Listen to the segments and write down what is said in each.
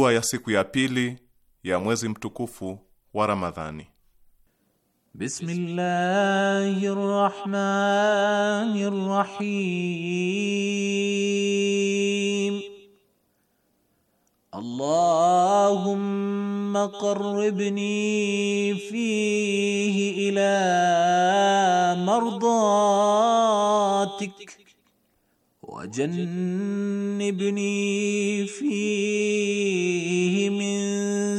dua ya siku ya pili ya mwezi mtukufu wa Ramadhani. Bismillahirrahmanirrahim. Allahumma qarribni fihi ila mardatik وجنبني فيه من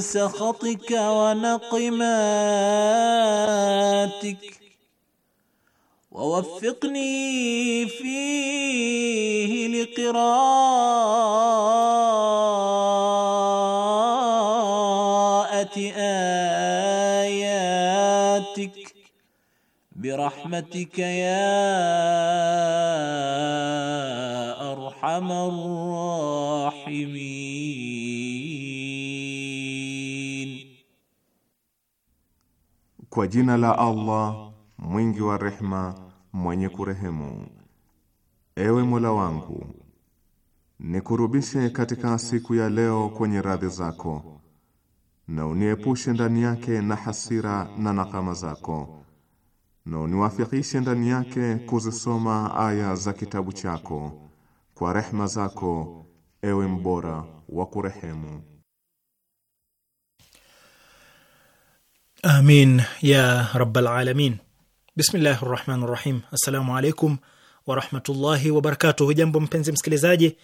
سخطك ونقماتك ووفقني فيه لقراءه birahmatika ya arhamar rahimin. Kwa jina la Allah mwingi wa rehma mwenye kurehemu. Ewe Mola wangu, nikurubishe katika siku ya leo kwenye radhi zako na uniepushe ndani yake na hasira na nakama zako na uniwafikishe niwafikishe ndani yake kuzisoma aya za kitabu chako kwa rehma zako, ewe mbora wa kurehemu. Amin ya rabbal alamin. Bismillahi rahmani rahim. Assalamu alaikum warahmatullahi wabarakatuh. Hujambo mpenzi msikilizaji,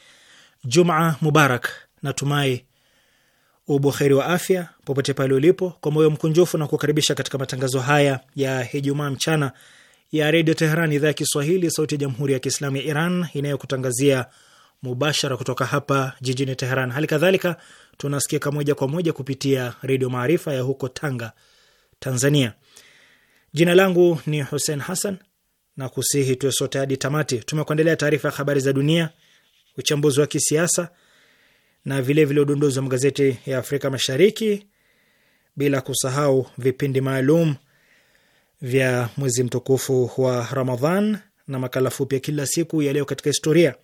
Juma Mubarak. Natumai ubuheri wa afya popote pale ulipo, kwa moyo mkunjufu na kukaribisha katika matangazo haya ya Ijumaa mchana ya Redio Teheran, idhaa ya Kiswahili, sauti ya Jamhuri ya Kiislamu ya Iran inayokutangazia mubashara kutoka hapa jijini Teheran. Hali kadhalika tunasikika moja kwa moja kupitia Redio Maarifa ya huko Tanga, Tanzania. Jina langu ni Hussein Hassan na kusihi tuwe sote hadi tamati. Tumekuandalia taarifa ya habari za dunia, uchambuzi wa kisiasa na vilevile udondozi wa magazeti ya Afrika Mashariki, bila kusahau vipindi maalum vya mwezi mtukufu wa Ramadhan na makala fupi ya kila siku ya leo katika historia.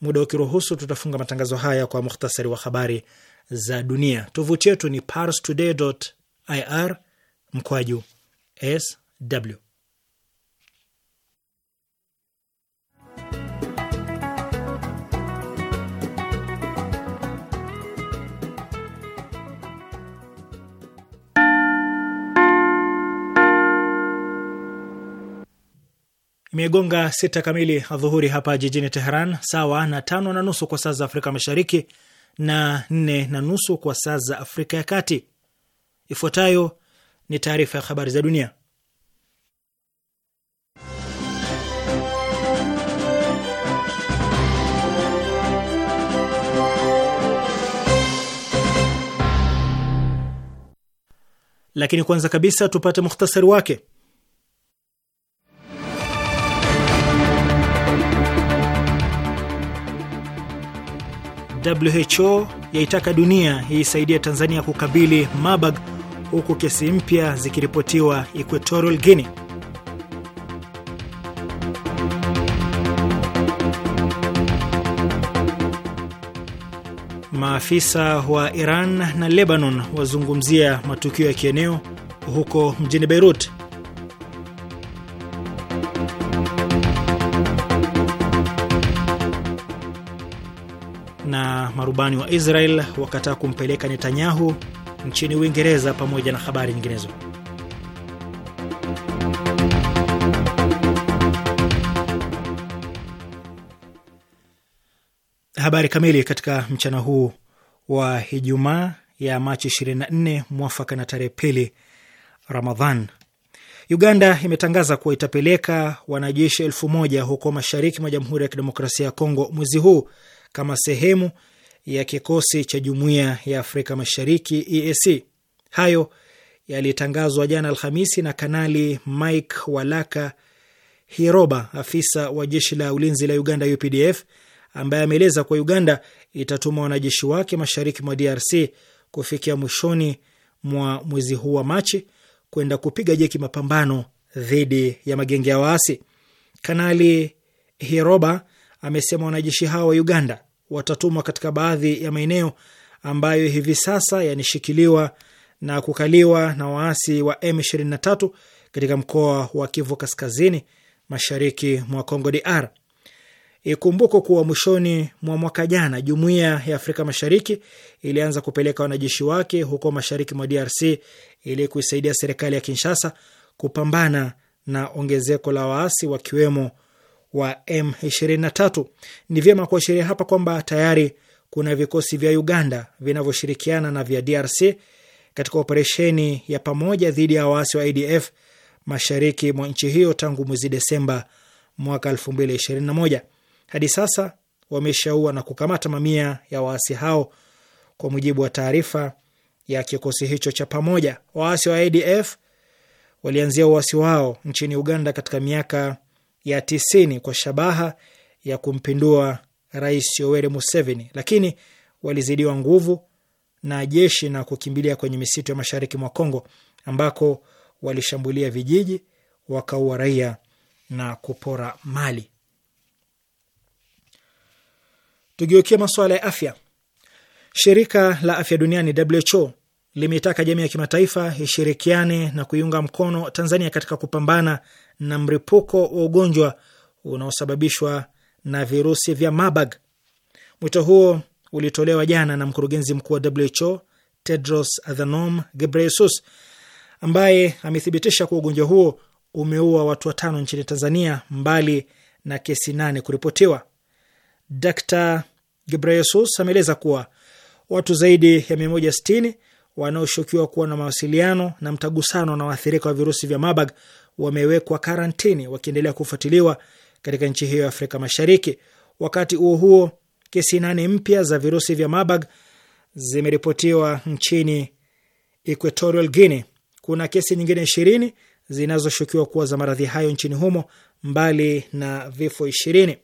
Muda ukiruhusu, tutafunga matangazo haya kwa muhtasari wa habari za dunia. Tovuti yetu ni parstoday.ir mkwaju sw imegonga sita kamili adhuhuri hapa jijini Teheran, sawa na tano na nusu kwa saa za Afrika Mashariki na nne na nusu kwa saa za Afrika ya Kati. Ifuatayo ni taarifa ya habari za dunia, lakini kwanza kabisa tupate muhtasari wake. WHO yaitaka dunia iisaidia Tanzania kukabili mabag, huku kesi mpya zikiripotiwa Equatorial Guinea. Maafisa wa Iran na Lebanon wazungumzia matukio ya kieneo huko mjini Beirut. marubani wa Israel wakataa kumpeleka Netanyahu nchini Uingereza, pamoja na habari nyinginezo. Habari kamili katika mchana huu wa Ijumaa ya Machi 24 mwafaka na tarehe pili Ramadhan. Uganda imetangaza kuwa itapeleka wanajeshi elfu moja huko mashariki mwa Jamhuri ya Kidemokrasia ya Kongo mwezi huu kama sehemu ya kikosi cha jumuiya ya Afrika Mashariki EAC. Hayo yalitangazwa jana Alhamisi na Kanali Mike Walaka Hiroba, afisa wa jeshi la ulinzi la Uganda UPDF, ambaye ameeleza kuwa Uganda itatuma wanajeshi wake mashariki mwa DRC kufikia mwishoni mwa mwezi huu wa Machi kwenda kupiga jeki mapambano dhidi ya magenge ya waasi. Kanali Hiroba amesema wanajeshi hao wa Uganda watatumwa katika baadhi ya maeneo ambayo hivi sasa yanishikiliwa na kukaliwa na waasi wa M23 katika mkoa wa Kivu Kaskazini, mashariki mwa Congo DR. Ikumbuko kuwa mwishoni mwa mwaka jana jumuiya ya Afrika Mashariki ilianza kupeleka wanajeshi wake huko mashariki mwa DRC ili kuisaidia serikali ya Kinshasa kupambana na ongezeko la waasi wakiwemo wa M23. Ni vyema kuashiria hapa kwamba tayari kuna vikosi vya Uganda vinavyoshirikiana na vya DRC katika operesheni ya pamoja dhidi ya waasi wa ADF mashariki mwa nchi hiyo tangu mwezi Desemba mwaka 2021. Hadi sasa wameshaua na kukamata mamia ya waasi hao, kwa mujibu wa taarifa ya kikosi hicho cha pamoja. Waasi wa ADF walianzia uasi wao nchini Uganda katika miaka ya tisini kwa shabaha ya kumpindua Rais Yoweri Museveni, lakini walizidiwa nguvu na jeshi na kukimbilia kwenye misitu ya mashariki mwa Kongo ambako walishambulia vijiji, wakaua raia na kupora mali. Tugeukie masuala ya afya. Shirika la afya duniani WHO limeitaka jamii ya kimataifa ishirikiane na kuiunga mkono Tanzania katika kupambana na mripuko wa ugonjwa unaosababishwa na virusi vya Marburg. Mwito huo ulitolewa jana na mkurugenzi mkuu wa WHO Tedros Adhanom Ghebreyesus ambaye amethibitisha kuwa ugonjwa huo umeua watu watano nchini Tanzania mbali na kesi nane kuripotiwa. Dr Ghebreyesus ameeleza kuwa watu zaidi ya 160 wanaoshukiwa kuwa na mawasiliano na mtagusano na waathirika wa virusi vya Marburg wamewekwa karantini wakiendelea kufuatiliwa katika nchi hiyo ya Afrika Mashariki. Wakati huo huo, kesi nane mpya za virusi vya Marburg zimeripotiwa nchini Equatorial Guinea. Kuna kesi nyingine ishirini zinazoshukiwa kuwa za maradhi hayo nchini humo mbali na vifo ishirini.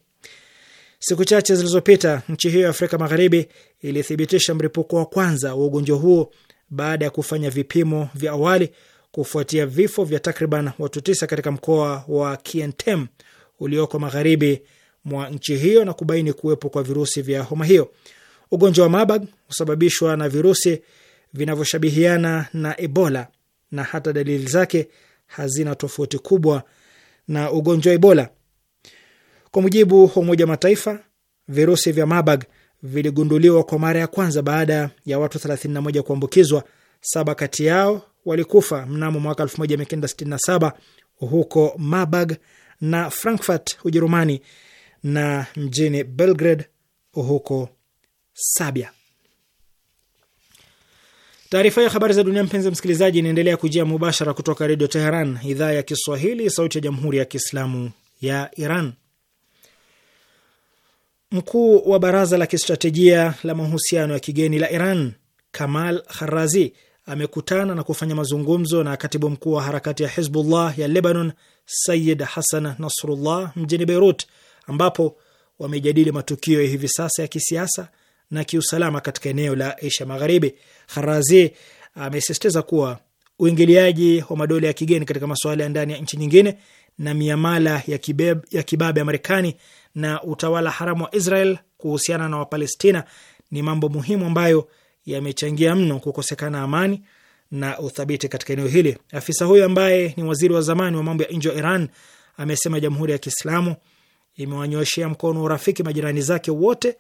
Siku chache zilizopita nchi hiyo ya Afrika Magharibi ilithibitisha mlipuko wa kwanza wa ugonjwa huo baada ya kufanya vipimo vya awali kufuatia vifo vya takriban watu tisa katika mkoa wa Kientem ulioko magharibi mwa nchi hiyo na kubaini kuwepo kwa virusi vya homa hiyo. Ugonjwa wa Marburg husababishwa na virusi vinavyoshabihiana na Ebola na hata dalili zake hazina tofauti kubwa na ugonjwa wa Ebola. Kwa mujibu wa Umoja wa Mataifa, virusi vya Marburg viligunduliwa kwa mara ya kwanza baada ya watu 31 kuambukizwa, saba kati yao walikufa mnamo mwaka 1967 huko Marburg na Frankfurt Ujerumani na mjini Belgrade huko Sabia. Taarifa ya habari za dunia, mpenzi msikilizaji, inaendelea kujia mubashara kutoka Redio Teheran, idhaa ya Kiswahili, sauti ya Jamhuri ya Kiislamu ya Iran. Mkuu wa Baraza la Kistratejia la Mahusiano ya Kigeni la Iran Kamal Kharazi amekutana na kufanya mazungumzo na katibu mkuu wa harakati ya Hizbullah ya Lebanon, Sayid Hasan Nasrullah mjini Beirut, ambapo wamejadili matukio ya hivi sasa ya kisiasa na kiusalama katika eneo la Asia Magharibi. Kharazi amesisitiza kuwa uingiliaji wa madola ya kigeni katika masuala ya ndani ya nchi nyingine na miamala ya kibeb, ya kibabe ya Marekani na utawala haramu wa Israel kuhusiana na Wapalestina ni mambo muhimu ambayo yamechangia mno kukosekana amani na uthabiti katika eneo hili. Afisa huyo ambaye ni waziri wa zamani wa mambo ya nje wa Iran amesema Jamhuri ya Kiislamu imewanyoshea mkono urafiki majirani zake wote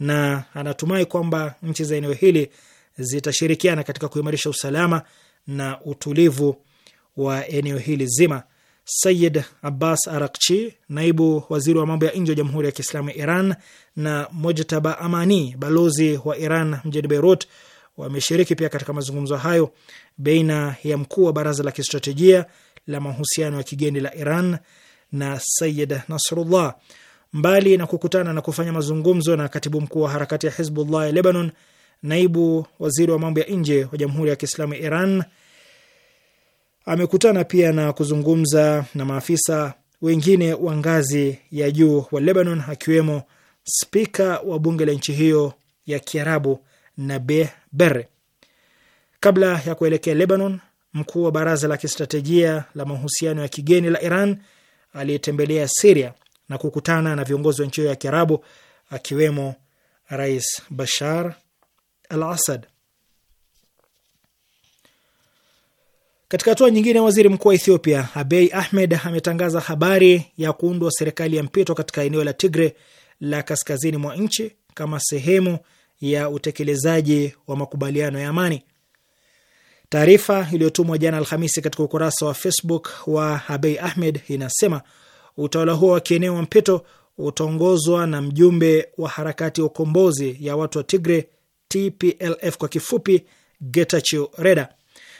na anatumai kwamba nchi za eneo hili zitashirikiana katika kuimarisha usalama na utulivu wa eneo hili zima. Sayid Abbas Arakchi, naibu waziri wa mambo ya nje wa Jamhuri ya Kiislamu ya Iran, na Mojtaba Amani, balozi wa Iran mjini Beirut, wameshiriki pia katika mazungumzo hayo baina ya mkuu wa Baraza la Kistratejia la Mahusiano ya Kigeni la Iran na Sayid Nasrullah. Mbali na kukutana na kufanya mazungumzo na katibu mkuu wa harakati ya Hizbullah ya Lebanon, naibu waziri wa mambo ya nje wa Jamhuri ya Kiislamu ya Iran Amekutana pia na kuzungumza na maafisa wengine wa ngazi ya juu wa Lebanon, akiwemo spika wa bunge la nchi hiyo ya Kiarabu Nabih Berri. Kabla ya kuelekea Lebanon, mkuu wa baraza la kistratejia la mahusiano ya kigeni la Iran aliyetembelea Siria na kukutana na viongozi wa nchi hiyo ya Kiarabu akiwemo Rais Bashar al Asad. Katika hatua nyingine, waziri mkuu wa Ethiopia Abiy Ahmed ametangaza habari ya kuundwa serikali ya mpito katika eneo la Tigre la kaskazini mwa nchi kama sehemu ya utekelezaji wa makubaliano ya amani. Taarifa iliyotumwa jana Alhamisi katika ukurasa wa Facebook wa Abiy Ahmed inasema utawala huo wa kieneo wa mpito utaongozwa na mjumbe wa harakati ya ukombozi ya watu wa Tigre TPLF kwa kifupi, Getachew Reda.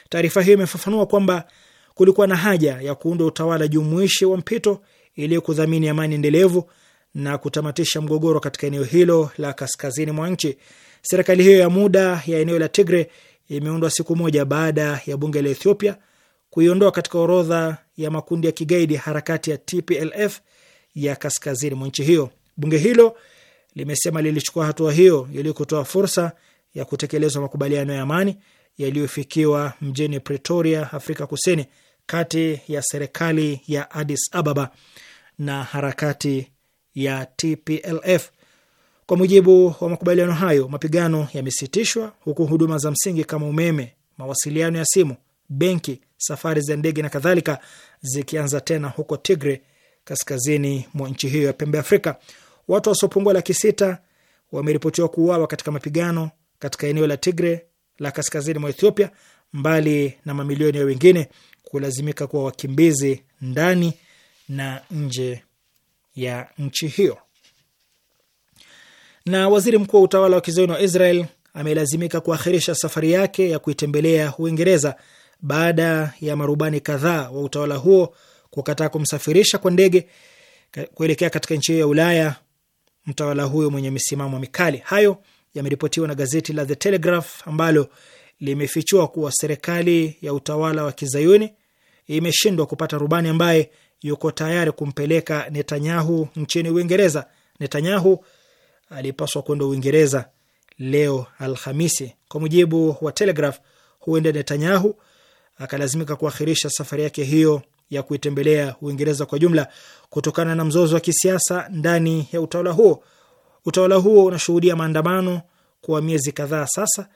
Taarifa hiyo imefafanua kwamba kulikuwa na haja ya kuunda utawala jumuishi wa mpito ili kudhamini amani endelevu na kutamatisha mgogoro katika eneo hilo la kaskazini mwa nchi. Serikali hiyo ya muda ya eneo la Tigre imeundwa siku moja baada ya bunge la Ethiopia kuiondoa katika orodha ya makundi ya kigaidi harakati ya TPLF ya kaskazini mwa nchi hiyo. Bunge hilo limesema lilichukua hatua hiyo ili kutoa fursa ya kutekelezwa makubaliano ya amani yaliyofikiwa mjini Pretoria, Afrika Kusini, kati ya serikali ya Addis Ababa na harakati ya TPLF. Kwa mujibu wa makubaliano hayo, mapigano yamesitishwa huku huduma za msingi kama umeme, mawasiliano ya simu, benki, safari za ndege na kadhalika zikianza tena huko Tigre, kaskazini mwa nchi hiyo ya pembe Afrika. Watu wasiopungua laki sita wameripotiwa kuuawa katika mapigano katika eneo la Tigre la kaskazini mwa Ethiopia, mbali na mamilioni ya wengine kulazimika kuwa wakimbizi ndani na nje ya nchi hiyo. Na waziri mkuu wa utawala wa kizayuni wa Israel amelazimika kuakhirisha safari yake ya kuitembelea Uingereza baada ya marubani kadhaa wa utawala huo kukataa kumsafirisha kwa ndege kuelekea katika nchi hiyo ya Ulaya mtawala huyo mwenye misimamo mikali. Hayo yameripotiwa na gazeti la The Telegraph ambalo limefichua kuwa serikali ya utawala wa kizayuni imeshindwa kupata rubani ambaye yuko tayari kumpeleka Netanyahu nchini Uingereza. Netanyahu alipaswa kwenda Uingereza leo Alhamisi. Kwa mujibu wa Telegraph, huenda Netanyahu akalazimika kuakhirisha safari yake hiyo ya kuitembelea Uingereza kwa jumla kutokana na mzozo wa kisiasa ndani ya utawala huo. Utawala huo unashuhudia maandamano kwa miezi kadhaa sasa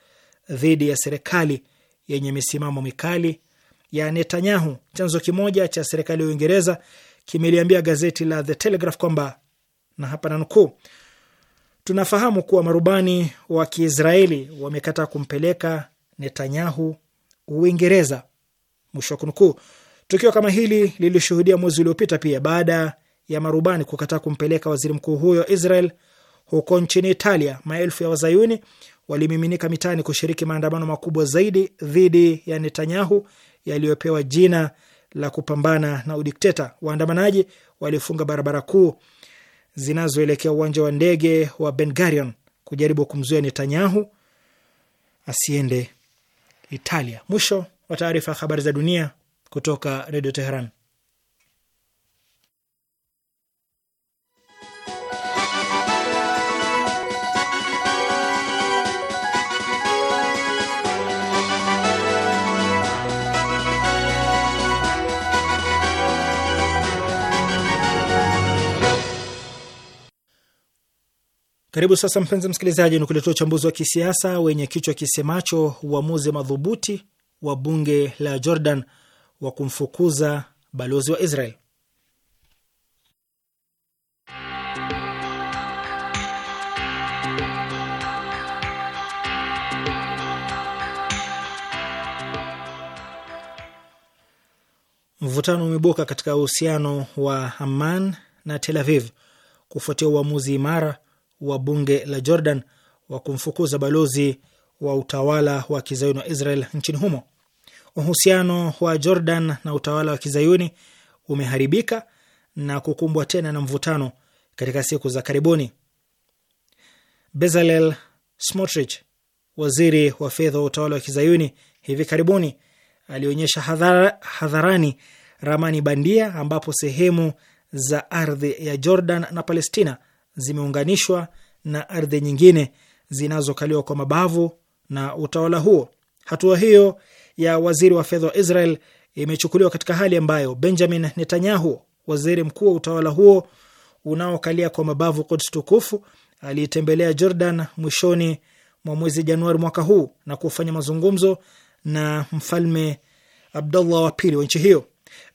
dhidi ya serikali yenye misimamo mikali ya Netanyahu. Chanzo kimoja cha serikali ya Uingereza kimeliambia gazeti la The Telegraph kwamba na hapa nanukuu, tunafahamu kuwa marubani wa Kiisraeli wamekataa kumpeleka Netanyahu Uingereza, mwisho wa kunukuu. Tukio kama hili lilishuhudia mwezi uliopita pia baada ya marubani kukataa kumpeleka waziri mkuu huyo Israel huko nchini Italia, maelfu ya wazayuni walimiminika mitaani kushiriki maandamano makubwa zaidi dhidi ya Netanyahu yaliyopewa jina la kupambana na udikteta. Waandamanaji walifunga barabara kuu zinazoelekea uwanja wa ndege wa Ben Gurion kujaribu kumzuia Netanyahu asiende Italia. Mwisho wa taarifa ya habari za dunia kutoka Redio Teheran. Karibu sasa, mpenzi msikilizaji, ni kuletea uchambuzi wa kisiasa wenye kichwa kisemacho uamuzi madhubuti wa bunge la Jordan wa kumfukuza balozi wa Israel. Mvutano umebuka katika uhusiano wa Amman na Tel Aviv kufuatia uamuzi imara wa bunge la Jordan wa kumfukuza balozi wa utawala wa kizayuni wa Israel nchini humo. Uhusiano wa Jordan na utawala wa kizayuni umeharibika na kukumbwa tena na mvutano katika siku za karibuni. Bezalel Smotrich, waziri wa fedha wa utawala wa kizayuni, hivi karibuni alionyesha hadhara, hadharani ramani bandia ambapo sehemu za ardhi ya Jordan na Palestina zimeunganishwa na ardhi nyingine zinazokaliwa kwa mabavu na utawala huo. Hatua hiyo ya waziri wa fedha wa Israel imechukuliwa katika hali ambayo Benjamin Netanyahu, waziri mkuu wa utawala huo unaokalia kwa mabavu Quds tukufu, aliitembelea Jordan mwishoni mwa mwezi Januari mwaka huu na kufanya mazungumzo na mfalme Abdullah wa pili wa nchi hiyo.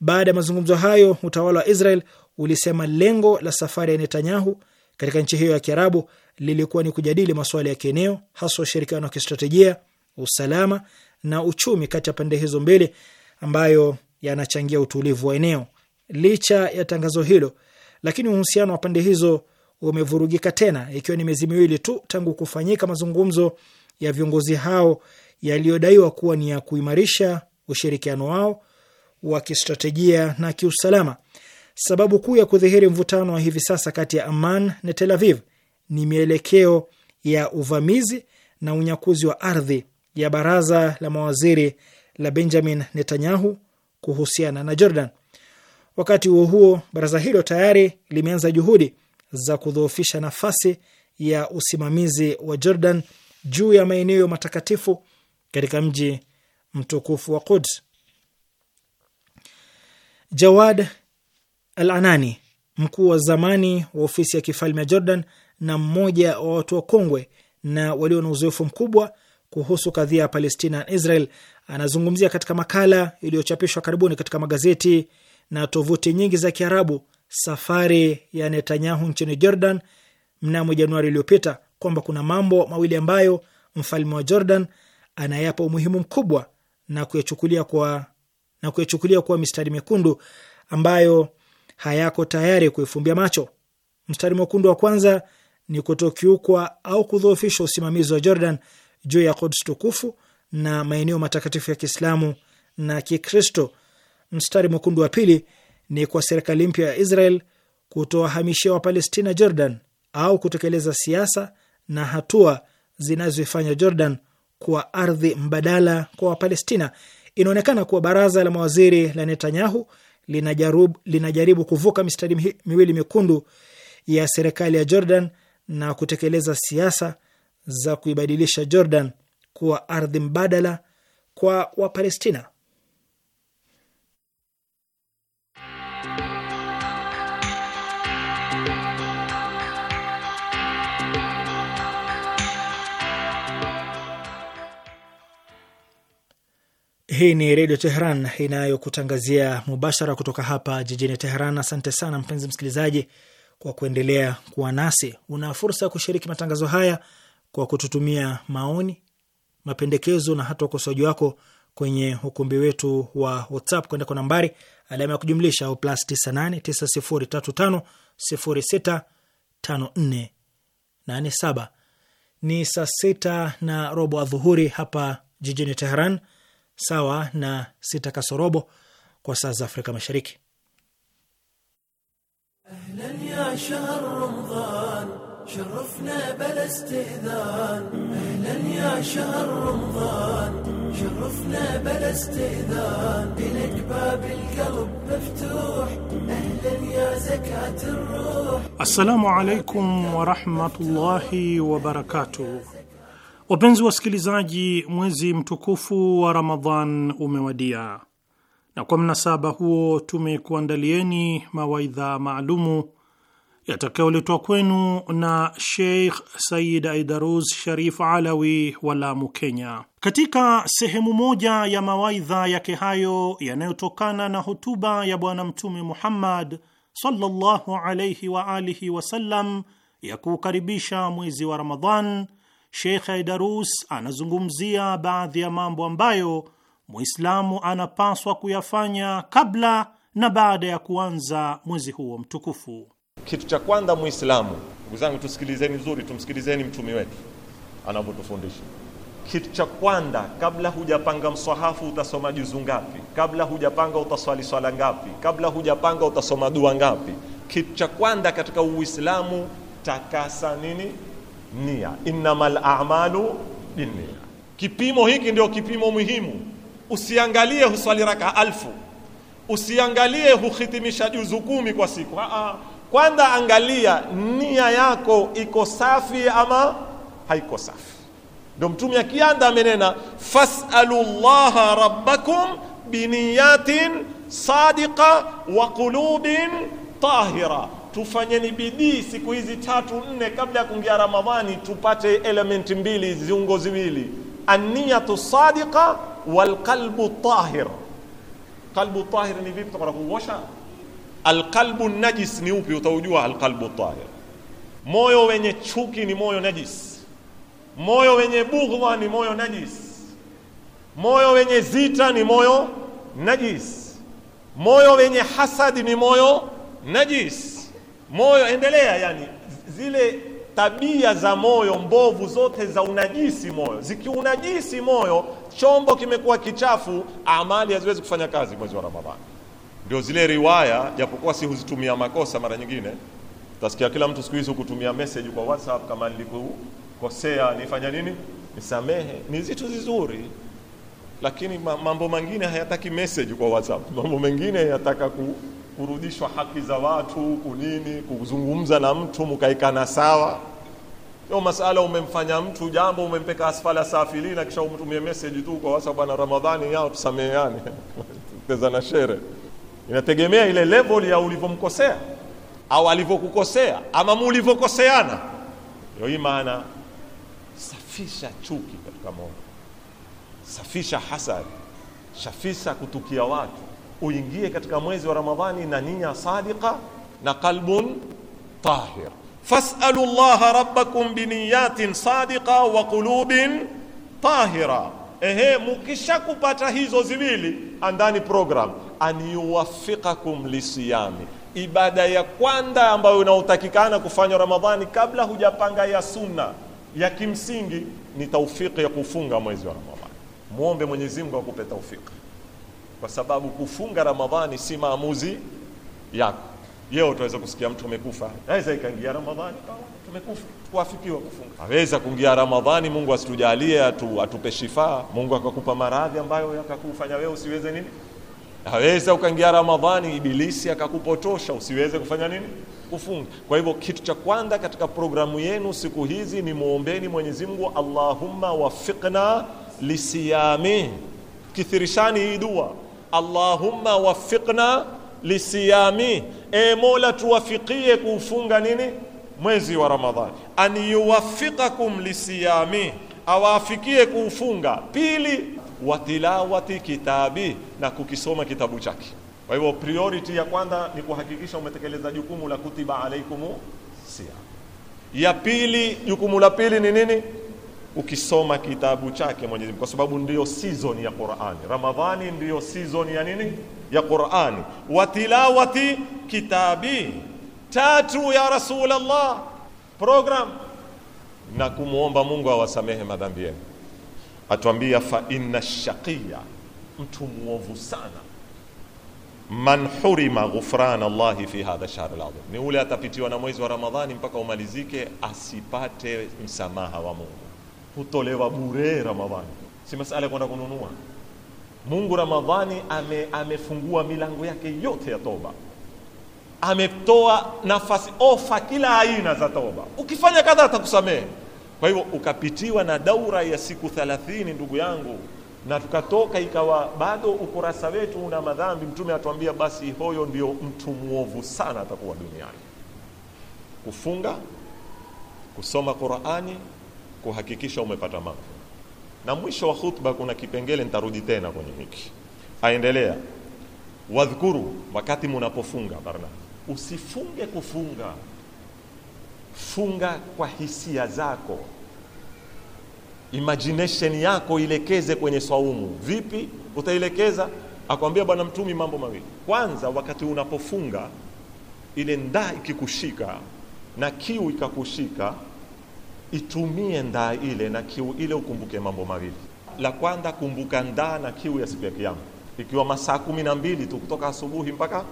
Baada ya mazungumzo hayo, utawala wa Israel ulisema lengo la safari ya Netanyahu katika nchi hiyo ya Kiarabu lilikuwa ni kujadili masuala ya kieneo, hasa ushirikiano wa kistratejia, usalama na uchumi kati ya pande hizo mbili, ambayo yanachangia utulivu wa eneo. Licha ya tangazo hilo, lakini uhusiano wa pande hizo umevurugika tena, ikiwa ni miezi miwili tu tangu kufanyika mazungumzo ya viongozi hao yaliyodaiwa kuwa ni ya kuimarisha ushirikiano wao wa kistratejia na kiusalama. Sababu kuu ya kudhihiri mvutano wa hivi sasa kati ya Amman na Tel Aviv ni mielekeo ya uvamizi na unyakuzi wa ardhi ya baraza la mawaziri la Benjamin Netanyahu kuhusiana na Jordan. Wakati huo huo, baraza hilo tayari limeanza juhudi za kudhoofisha nafasi ya usimamizi wa Jordan juu ya maeneo matakatifu katika mji mtukufu wa Quds. Jawad Al Anani, mkuu wa zamani wa ofisi ya kifalme ya Jordan na mmoja wa watu wa kongwe na walio na uzoefu mkubwa kuhusu kadhia ya Palestina na Israel, anazungumzia katika makala iliyochapishwa karibuni katika magazeti na tovuti nyingi za Kiarabu safari ya Netanyahu nchini Jordan mnamo Januari iliyopita kwamba kuna mambo mawili ambayo mfalme wa Jordan anayapa umuhimu mkubwa na kuyachukulia kuwa, na kuyachukulia kuwa mistari mekundu ambayo hayako tayari kuifumbia macho. Mstari mwekundu wa kwanza ni kutokiukwa au kudhoofisha usimamizi wa Jordan juu ya Quds tukufu na maeneo matakatifu ya Kiislamu na Kikristo. Mstari mwekundu wa pili ni kwa serikali mpya ya Israel kutowahamishia Wapalestina Jordan au kutekeleza siasa na hatua zinazoifanya Jordan kuwa ardhi mbadala kwa Wapalestina. Inaonekana kuwa baraza la mawaziri la Netanyahu linajaribu, linajaribu kuvuka mistari miwili mekundu ya serikali ya Jordan na kutekeleza siasa za kuibadilisha Jordan kuwa ardhi mbadala kwa Wapalestina. Hii ni Redio Teheran inayokutangazia mubashara kutoka hapa jijini Teheran. Asante sana mpenzi msikilizaji kwa kuendelea kuwa nasi. Una fursa ya kushiriki matangazo haya kwa kututumia maoni, mapendekezo na hata ukosoaji wako kwenye ukumbi wetu wa WhatsApp kwenda kwa nambari alama ya kujumlisha au plus 989035065487. Ni saa sita na robo adhuhuri hapa jijini Teheran sawa na sita kasorobo kwa saa za Afrika Mashariki. Assalamu alaikum wa rahmatullahi wa barakatuh. Wapenzi wasikilizaji, mwezi mtukufu wa Ramadhan umewadia, na kwa mnasaba huo tumekuandalieni mawaidha maalumu yatakayoletwa kwenu na Sheikh Said Aidarus Sharif Alawi wa Lamu, Kenya. Katika sehemu moja ya mawaidha yake hayo yanayotokana na hotuba ya Bwana Mtume Muhammad sallallahu alayhi wa alihi wasallam ya kuukaribisha mwezi wa Ramadhan Sheikh Aidarus anazungumzia baadhi ya mambo ambayo Muislamu anapaswa kuyafanya kabla na baada ya kuanza mwezi huo mtukufu. Kitu cha kwanza Muislamu, ndugu zangu, tusikilizeni vizuri, tumsikilizeni mtumi wetu anavyotufundisha. Kitu cha kwanza, kabla hujapanga mswahafu utasoma juzu ngapi? Kabla hujapanga utaswali swala ngapi? Kabla hujapanga utasoma dua ngapi? Kitu cha kwanza katika Uislamu, takasa nini nia, innamal a'malu binnia. Kipimo hiki ndio kipimo muhimu. Usiangalie huswali raka alfu, usiangalie huhitimisha juzu kumi kwa siku. Aa, kwanza angalia nia yako iko safi ama haiko safi. Ndio Mtume akianza amenena, fasalu llaha rabbakum biniyatin sadiqa wa qulubin tahira tufanyeni bidii siku hizi tatu nne kabla ya kuingia Ramadhani, tupate elementi mbili, ziungo ziwili, anniyatu sadiqa walqalbu tahir. Qalbu tahir ni vipi? Tutakwenda kuosha. Alqalbu najis ni upi? Utaujua alqalbu tahir. Moyo wenye chuki ni moyo najis, moyo wenye bughwa ni moyo najis, moyo wenye zita ni moyo najis, moyo wenye hasadi ni moyo najis moyo endelea, yani zile tabia za moyo mbovu zote za unajisi moyo, zikiunajisi moyo, chombo kimekuwa kichafu, amali haziwezi kufanya kazi mwezi wa Ramadhani. Ndio zile riwaya, japokuwa si huzitumia makosa mara nyingine. Utasikia kila mtu siku hizi kutumia message kwa WhatsApp, kama nilipokosea nifanya nini, nisamehe. Ni zitu zizuri lakini mambo mengine hayataki message kwa WhatsApp, mambo mengine yataka ku kurudishwa haki za watu kunini, kuzungumza na mtu mkaikana sawa yo masala. Umemfanya mtu jambo, umempeka asfala safilina, kisha umtumie message tu kwa WhatsApp, bwana Ramadhani yao tusameheane, pesa na shere. Inategemea ile level ya ulivyomkosea au alivyokukosea ama mulivyokoseana. Ndio hii maana safisha chuki katika moyo, safisha hasad, safisha kutukia watu uingie katika mwezi wa Ramadhani na nia sadika na qalbun tahir. Fasalu llaha rabbakum biniyatin sadika wa qulubin tahira. Ehe, mukishakupata hizo ziwili, andani program aniwafikakum lisiyami ibada ya kwanza ambayo inaotakikana kufanywa Ramadhani kabla hujapanga ya sunna ya kimsingi ni taufiki ya kufunga mwezi wa Ramadhani. Muombe Mwenyezi Mungu akupe taufiki kwa sababu kufunga Ramadhani si maamuzi yako. Yeo utaweza kusikia mtu amekufa, naweza ikaingia Ramadhani tumekufa tuafikiwa kufunga, aweza kuingia Ramadhani. Mungu asitujalie atu, atupe shifaa, Mungu akakupa maradhi ambayo yakakufanya wewe usiweze nini. Aweza ukaingia Ramadhani, ibilisi akakupotosha usiweze kufanya nini, kufunga. Kwa hivyo kitu cha kwanza katika programu yenu siku hizi ni muombeni Mwenyezi Mungu, Allahumma wafiqna lisiyami, kithirishani hii dua allahumma wafiqna lisiyami e mola tuwafikie kuufunga nini mwezi wa ramadhani an yuwaffiqakum lisiyami awafikie kuufunga pili watilawati kitabi na kukisoma kitabu chake kwa hivyo priority ya kwanza ni kuhakikisha umetekeleza jukumu la kutiba alaikumu siyam ya pili jukumu la pili ni nini ukisoma kitabu chake Mwenyezi Mungu, kwa sababu ndiyo season ya Qur'ani. Ramadhani ndiyo season ya nini? Ya Qur'ani. Wa tilawati kitabi tatu ya Rasulullah program na kumwomba Mungu awasamehe madhambi yenu. Atuambia fa inna shaqiya, mtu mwovu sana, man hurima ghufran Allahi fi hadha shahr al-azim, ni ule atapitiwa na mwezi wa Ramadhani mpaka umalizike asipate msamaha wa Mungu hutolewa bure Ramadhani, si masala ya kwenda kununua. Mungu Ramadhani ame, amefungua milango yake yote ya toba, ametoa nafasi ofa kila aina za toba, ukifanya kadha atakusamehe. Kwa hivyo ukapitiwa na daura ya siku thalathini ndugu yangu, na tukatoka ikawa bado ukurasa wetu una madhambi, Mtume atuambia basi hoyo ndio mtu mwovu sana atakuwa duniani. Kufunga, kusoma Qur'ani kuhakikisha umepata mambo. Na mwisho wa khutba kuna kipengele nitarudi tena kwenye hiki. Aendelea, wadhkuru, wakati munapofunga barna, usifunge kufunga, funga kwa hisia zako, imagination yako ilekeze kwenye swaumu. Vipi utailekeza? Akwambia Bwana Mtumi mambo mawili. Kwanza, wakati unapofunga ile ndaa ikikushika na kiu ikakushika itumie ndaa ile na kiu ile, ukumbuke mambo mawili. La kwanza, kumbuka ndaa na kiu ya siku ya Kiyama, ikiwa masaa kumi na mbili tu kutoka asubuhi mpaka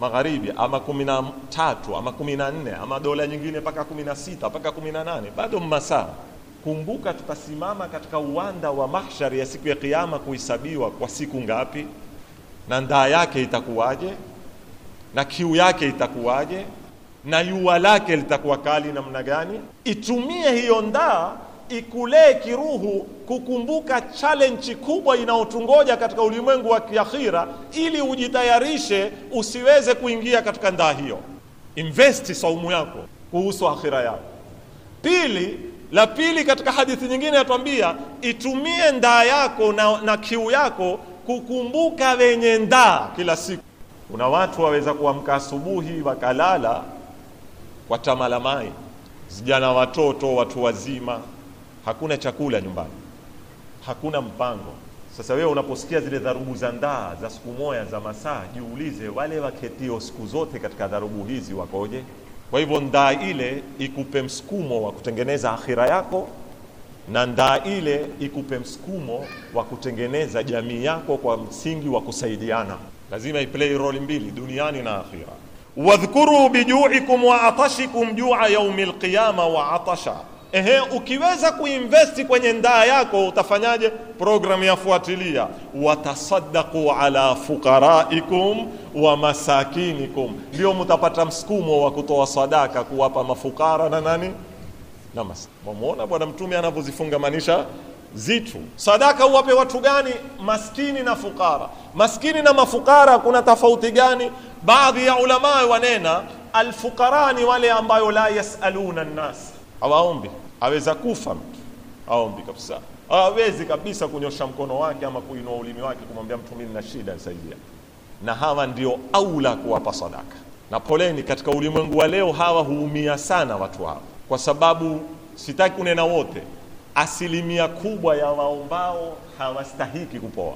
magharibi, ama kumi na tatu ama kumi na nne ama dola nyingine mpaka kumi na sita mpaka kumi na nane bado masaa Kumbuka, tutasimama katika uwanda wa mahshari ya siku ya Kiyama kuhesabiwa kwa siku ngapi, na ndaa yake itakuwaje, na kiu yake itakuwaje na yua lake litakuwa kali namna gani. Itumie hiyo ndaa ikulee kiruhu kukumbuka challenge kubwa inayotungoja katika ulimwengu wa kiakhira, ili ujitayarishe usiweze kuingia katika ndaa hiyo. Investi saumu yako kuhusu akhira yako. Pili, la pili, katika hadithi nyingine yatwambia itumie ndaa yako na, na kiu yako kukumbuka wenye ndaa kila siku. Kuna watu waweza kuamka asubuhi wakalala watamalamai, vijana, watoto, watu wazima, hakuna chakula nyumbani, hakuna mpango. Sasa wewe unaposikia zile dharubu za ndaa za siku moja za masaa, jiulize wale waketio siku zote katika dharubu hizi wakoje? Kwa hivyo ndaa ile ikupe msukumo wa kutengeneza akhira yako, na ndaa ile ikupe msukumo wa kutengeneza jamii yako kwa msingi wa kusaidiana. Lazima iplay role mbili duniani na akhira wadhkuru bijuikum wa atashikum jua yaumi lqiyama wa atasha. Ehe, ukiweza kuinvesti kwenye ndaa yako utafanyaje? Programu yafuatilia, watasaddaqu ala fuqaraikum wa masakinikum, ndio mtapata msukumo wa kutoa sadaka, kuwapa mafukara na nani na maskini. Bwana Mtume anavyozifungamanisha zitu. Sadaka huwape watu gani? Maskini na fukara. Maskini na mafukara kuna tofauti gani? Baadhi ya ulama wanena alfukara ni wale ambayo la yasaluna nnas, hawaombi. Aweza kufa mtu aombi kabisa, hawawezi kabisa kunyosha mkono wake ama kuinua ulimi wake kumwambia mtu mimi na shida nisaidia, na hawa ndio aula kuwapa sadaka. Na poleni, katika ulimwengu wa leo hawa huumia sana watu hawa, kwa sababu sitaki kunena wote asilimia kubwa ya waombao hawastahiki kupoa.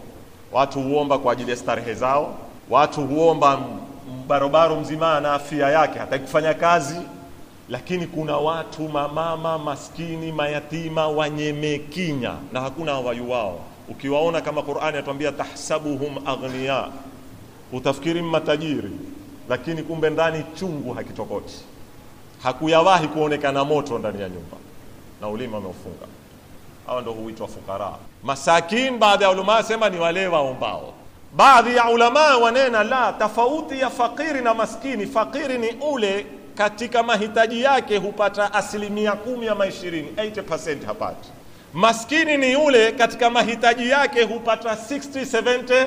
Watu huomba kwa ajili ya starehe zao, watu huomba mbarobaro mzima na afya yake, hata kufanya kazi. Lakini kuna watu mamama maskini, mayatima, wanyemekinya na hakuna wao. Ukiwaona kama Qur'ani atuambia tahsabuhum aghnia, utafikiri matajiri, lakini kumbe ndani chungu hakitokoti, hakuyawahi kuonekana moto ndani ya nyumba na ulima ameufunga. Hawa ndio huitwa fukara masakin. Baadhi ya ulama sema ni wale waombao. Baadhi ya ulama wanena la tofauti ya fakiri na maskini. Fakiri ni ule katika mahitaji yake hupata asilimia kumi ama ishirini, 80% hapati. Maskini ni yule katika mahitaji yake hupata 60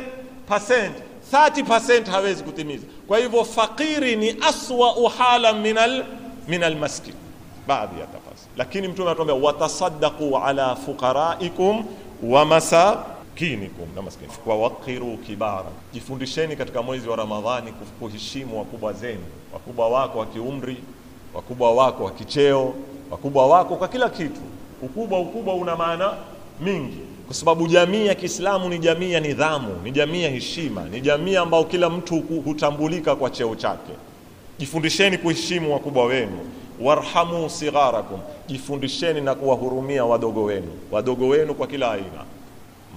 70%, 30% hawezi kutimiza. Kwa hivyo fakiri ni aswa uhala minal minal maskini, baadhi ya lakini mtume anatuambia watasaddaqu ala fuqaraikum wa masakinikum na maskini kwa waqiru kibara. Jifundisheni katika mwezi wa Ramadhani kuheshimu wakubwa zenu, wakubwa wako wa kiumri, wakubwa wako wa kicheo, wakubwa wako kwa kila kitu. Ukubwa ukubwa una maana mingi, kwa sababu jamii ya Kiislamu ni jamii ya nidhamu, ni jamii ya heshima, ni jamii ambayo kila mtu hutambulika kwa cheo chake. Jifundisheni kuheshimu wakubwa wenu warhamu sigharakum, jifundisheni na kuwahurumia wadogo wenu. Wadogo wenu kwa kila aina,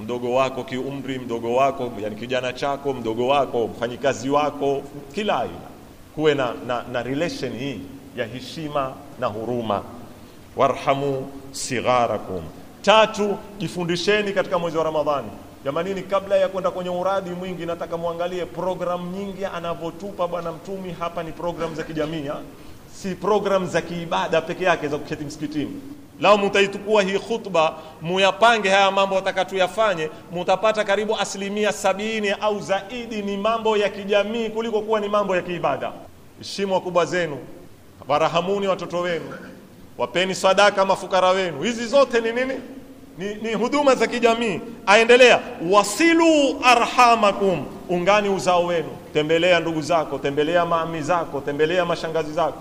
mdogo wako kiumri, mdogo wako yani kijana chako, mdogo wako mfanyikazi wako, kila aina. Kuwe na, na, na relation hii ya heshima na huruma. Warhamu sigharakum. Tatu, jifundisheni katika mwezi wa Ramadhani. Jamanini, kabla ya kwenda kwenye uradi mwingi, nataka muangalie program nyingi anavyotupa Bwana Mtumi. Hapa ni program za kijamii si program za kiibada peke yake za kuketi msikitini. Lao mutaitukua hii khutba, muyapange haya mambo atakatuyafanye, mutapata karibu asilimia sabini au zaidi ni mambo ya kijamii kuliko kuwa ni mambo ya kiibada. Heshimu wakubwa zenu, warahamuni watoto wenu, wapeni sadaka mafukara wenu. Hizi zote ni nini? Ni, ni huduma za kijamii. Aendelea, wasilu arhamakum, ungani uzao wenu, tembelea ndugu zako, tembelea maami zako, tembelea mashangazi zako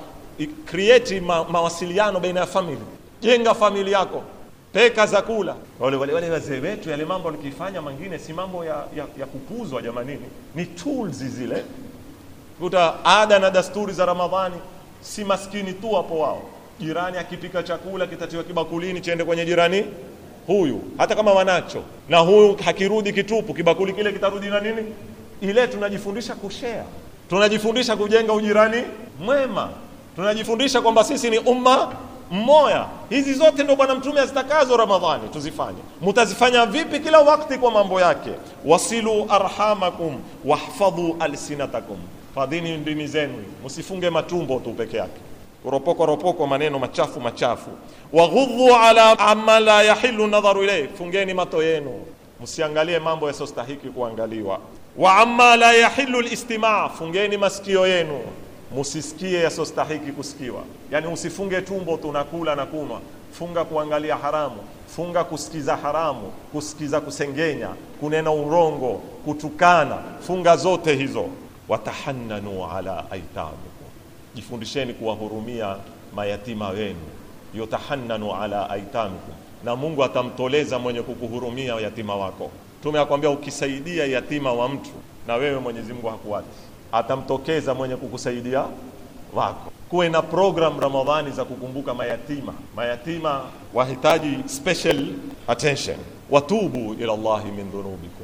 create ma, mawasiliano baina ya family. Jenga family yako, peka za kula. Wale wale wale wazee wetu, yale mambo nikifanya mengine si mambo ya, ya, ya kupuzwa jamanini, ni tools zile. Kuta ada na dasturi za Ramadhani, si maskini tu hapo wao. Jirani akipika chakula kitatiwa kibakulini, chende kwenye jirani huyu, hata kama wanacho, na huyu hakirudi kitupu, kibakuli kile kitarudi na nini ile. Tunajifundisha kushare, tunajifundisha kujenga ujirani mwema tunajifundisha kwamba sisi ni umma mmoja. Hizi zote ndio Bwana Mtume azitakazo Ramadhani tuzifanye. Mutazifanya vipi? Kila wakati kwa mambo yake. Wasilu arhamakum wahfadhu alsinatakum, fadhini ndimi zenu, msifunge matumbo tu peke yake ropoko ropoko, maneno machafu machafu. Waghudhu ala amma la yahilu nadharu ilay fungeni mato yenu, msiangalie mambo yasiyostahiki kuangaliwa. Wa amma la yahilu listimaa, fungeni masikio yenu musisikie yasostahiki kusikiwa. Yani usifunge tumbo tunakula na kunwa funga kuangalia haramu, funga kusikiza haramu, kusikiza kusengenya, kunena urongo, kutukana, funga zote hizo. Watahannanu ala aitamikum, jifundisheni kuwahurumia mayatima wenu. Yotahannanu ala aitamikum, na Mungu atamtoleza mwenye kukuhurumia yatima wako. Tume akwambia ukisaidia yatima wa mtu na wewe Mwenyezi Mungu hakuachi atamtokeza mwenye kukusaidia wako. Kuwe na program Ramadhani za kukumbuka mayatima, mayatima wahitaji special attention. Watubu ila Allahi min dhunubikum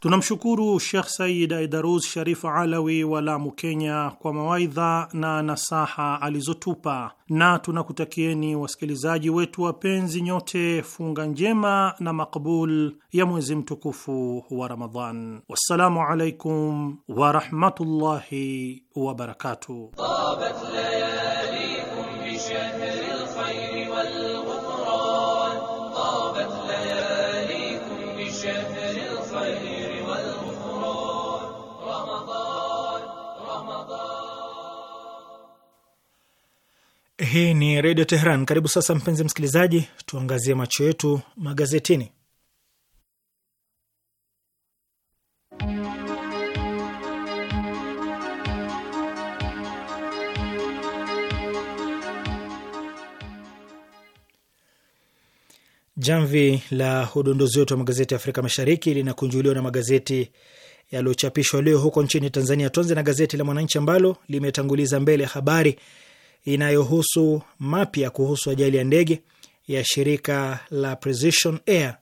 Tunamshukuru Shekh Sayid Aidarus Sharif Alawi wa Lamu, Kenya, kwa mawaidha na nasaha alizotupa, na tunakutakieni wasikilizaji wetu wapenzi nyote funga njema na makbul ya mwezi mtukufu wa Ramadhan. Wassalamu alaikum warahmatullahi wabarakatuh. Hii ni Redio Tehran. Karibu sasa, mpenzi msikilizaji, tuangazie macho yetu magazetini. Jamvi la udondozi wetu wa magazeti ya Afrika Mashariki linakunjuliwa na magazeti yaliyochapishwa leo huko nchini Tanzania. Tuanze na gazeti la Mwananchi ambalo limetanguliza mbele habari inayohusu mapya kuhusu ajali ya ndege ya shirika la Precision Air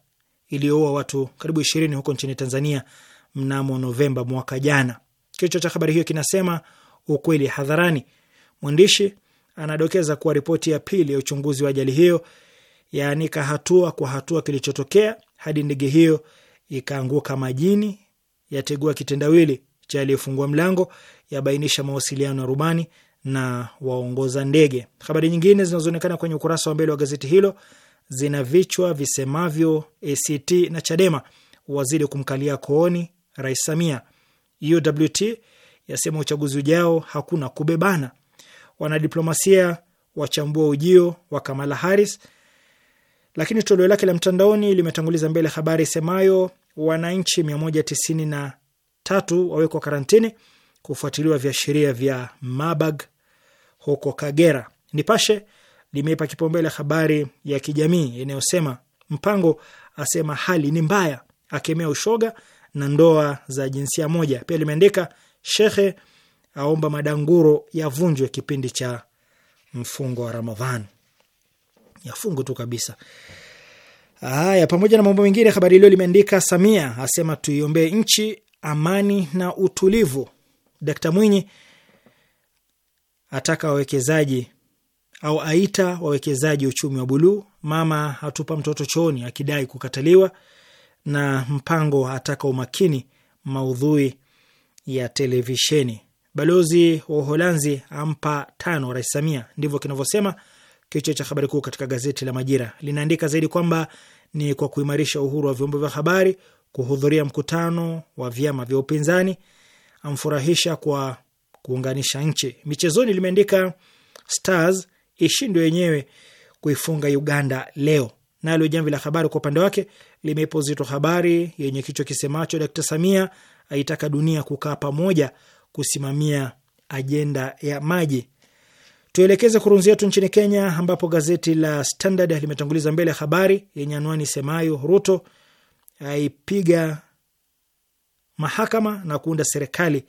iliyoua watu karibu ishirini huko nchini Tanzania mnamo Novemba mwaka jana. Kichwa cha habari hiyo kinasema ukweli hadharani. Mwandishi anadokeza kuwa ripoti ya pili ya uchunguzi wa ajali hiyo yaanika hatua kwa hatua kilichotokea hadi ndege hiyo ikaanguka majini, yategua kitendawili cha aliyefungua mlango, yabainisha mawasiliano ya rubani na waongoza ndege. Habari nyingine zinazoonekana kwenye ukurasa wa mbele wa gazeti hilo zina vichwa visemavyo: ACT na Chadema wazidi kumkalia kooni Rais Samia, UWT yasema uchaguzi ujao hakuna kubebana, wanadiplomasia wachambua ujio wa Kamala Harris. Lakini toleo lake la mtandaoni limetanguliza mbele habari semayo wananchi 193 wawekwa karantini kufuatiliwa viashiria vya Marburg huko Kagera. Nipashe limeipa kipaumbele habari ya kijamii inayosema Mpango asema hali ni mbaya, akemea ushoga na ndoa za jinsia moja. Pia limeandika shekhe aomba madanguro yavunjwe kipindi cha mfungo wa Ramadhani. Yafungu tu kabisa. Haya, pamoja na mambo mengine, habari iliyo limeandika Samia asema tuiombee nchi amani na utulivu. Dkt Mwinyi ataka wawekezaji au aita wawekezaji uchumi wa buluu. Mama hatupa mtoto chooni akidai kukataliwa, na mpango ataka umakini maudhui ya televisheni. Balozi wa Uholanzi ampa tano Rais Samia, ndivyo kinavyosema kichwa cha habari kuu katika gazeti la Majira. Linaandika zaidi kwamba ni kwa kuimarisha uhuru wa vyombo vya habari, kuhudhuria mkutano wa vyama vya upinzani, amfurahisha kwa kuunganisha nchi. Michezoni limeandika Stars ishindwe yenyewe kuifunga Uganda leo. Nalo Jamvi la Habari kwa upande wake limeipa uzito habari yenye kichwa kisemacho Dkt Samia aitaka dunia kukaa pamoja kusimamia ajenda ya maji. Tuelekeze kurunzi yetu nchini Kenya, ambapo gazeti la Standard limetanguliza mbele habari yenye anwani semayo Ruto aipiga mahakama na kuunda serikali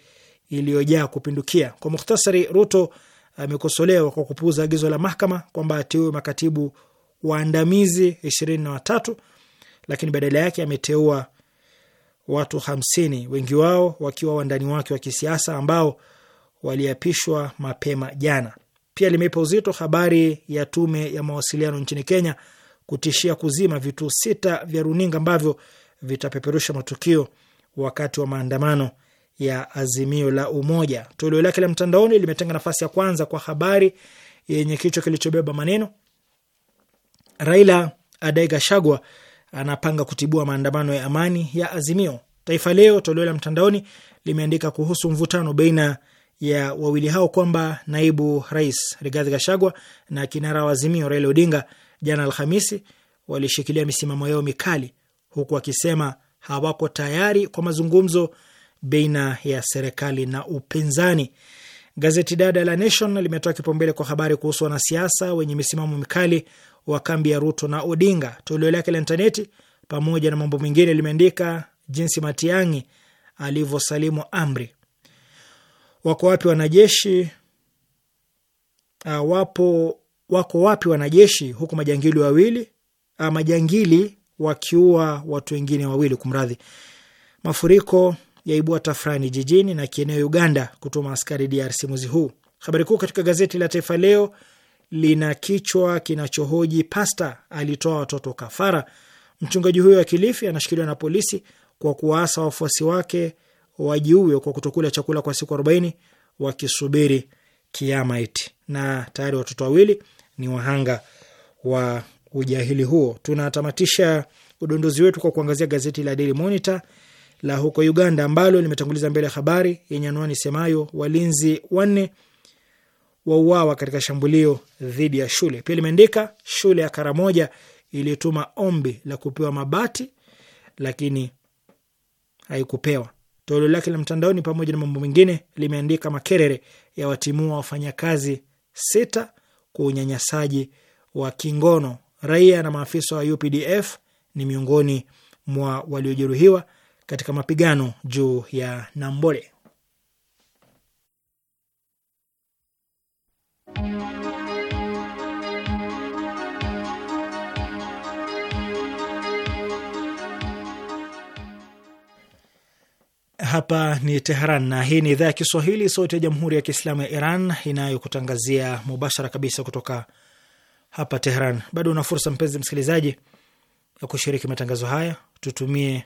iliyojaa kupindukia. Kwa mukhtasari, Ruto amekosolewa kwa kupuuza agizo la mahakama kwamba ateue makatibu waandamizi ishirini na watatu, lakini badala yake ameteua watu hamsini, wengi wao wakiwa wandani wake wa kisiasa ambao waliapishwa mapema jana. Pia limeipa uzito habari ya tume ya mawasiliano nchini Kenya kutishia kuzima vituo sita vya runinga ambavyo vitapeperusha matukio wakati wa maandamano ya Azimio la Umoja. Toleo lake la mtandaoni limetenga nafasi ya kwanza kwa habari yenye kichwa kilichobeba maneno Raila adai Gachagua anapanga kutibua maandamano ya amani ya Azimio. Taifa Leo toleo la mtandaoni limeandika kuhusu mvutano baina ya wawili hao kwamba naibu rais Rigathi Gashagwa na kinara wa Azimio Raila Odinga jana Alhamisi walishikilia misimamo yao mikali, huku wakisema hawako tayari kwa mazungumzo baina ya serikali na upinzani. Gazeti dada la Nation limetoa kipaumbele kwa habari kuhusu wanasiasa wenye misimamo mikali wa kambi ya Ruto na Odinga. Toleo lake la intaneti, pamoja na mambo mengine, limeandika jinsi Matiang'i alivyosalimu amri. Wako wapi wanajeshi? Uh, wapo wako wapi wanajeshi, huku majangili wawili uh, majangili wakiua watu wengine wawili. Kumradhi, mafuriko yaibua tafrani jijini na kieneo Uganda kutuma askari DRC mwezi huu. Habari kuu katika gazeti la Taifa Leo lina kichwa kinachohoji pasta alitoa watoto kafara. Mchungaji huyo wa Kilifi anashikiliwa na polisi kwa kuwaasa wafuasi wake wajiue kwa kutokula chakula kwa siku arobaini wakisubiri kiama iti, na tayari watoto wawili ni wahanga wa ujahili huo. Tunatamatisha udondozi wetu kwa kuangazia gazeti la Daily Monitor la huko Uganda ambalo limetanguliza mbele ya habari yenye anwani semayo walinzi wanne wauawa katika shambulio dhidi ya shule. Pia limeandika shule ya Karamoja ilituma ombi la kupewa mabati lakini haikupewa. Toleo lake la mtandaoni, pamoja na mambo mengine, limeandika Makerere ya watimua wafanyakazi sita kwa unyanyasaji wa kingono. Raia na maafisa wa UPDF ni miongoni mwa waliojeruhiwa katika mapigano juu ya Nambole. Hapa ni Teheran na hii ni idhaa ya Kiswahili, sauti ya jamhuri ya kiislamu ya Iran inayokutangazia mubashara kabisa kutoka hapa Teheran. Bado una fursa, mpenzi msikilizaji, ya kushiriki matangazo haya, tutumie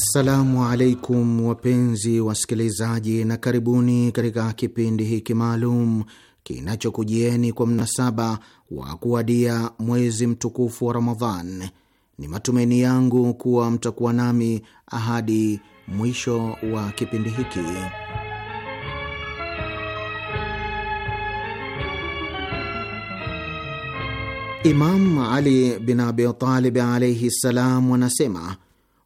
Assalamu alaikum wapenzi wasikilizaji, na karibuni katika kipindi hiki maalum kinachokujieni kwa mnasaba wa kuwadia mwezi mtukufu wa Ramadhan. Ni matumaini yangu kuwa mtakuwa nami ahadi mwisho wa kipindi hiki. Imam Ali bin Abi Talib alaihi ssalam anasema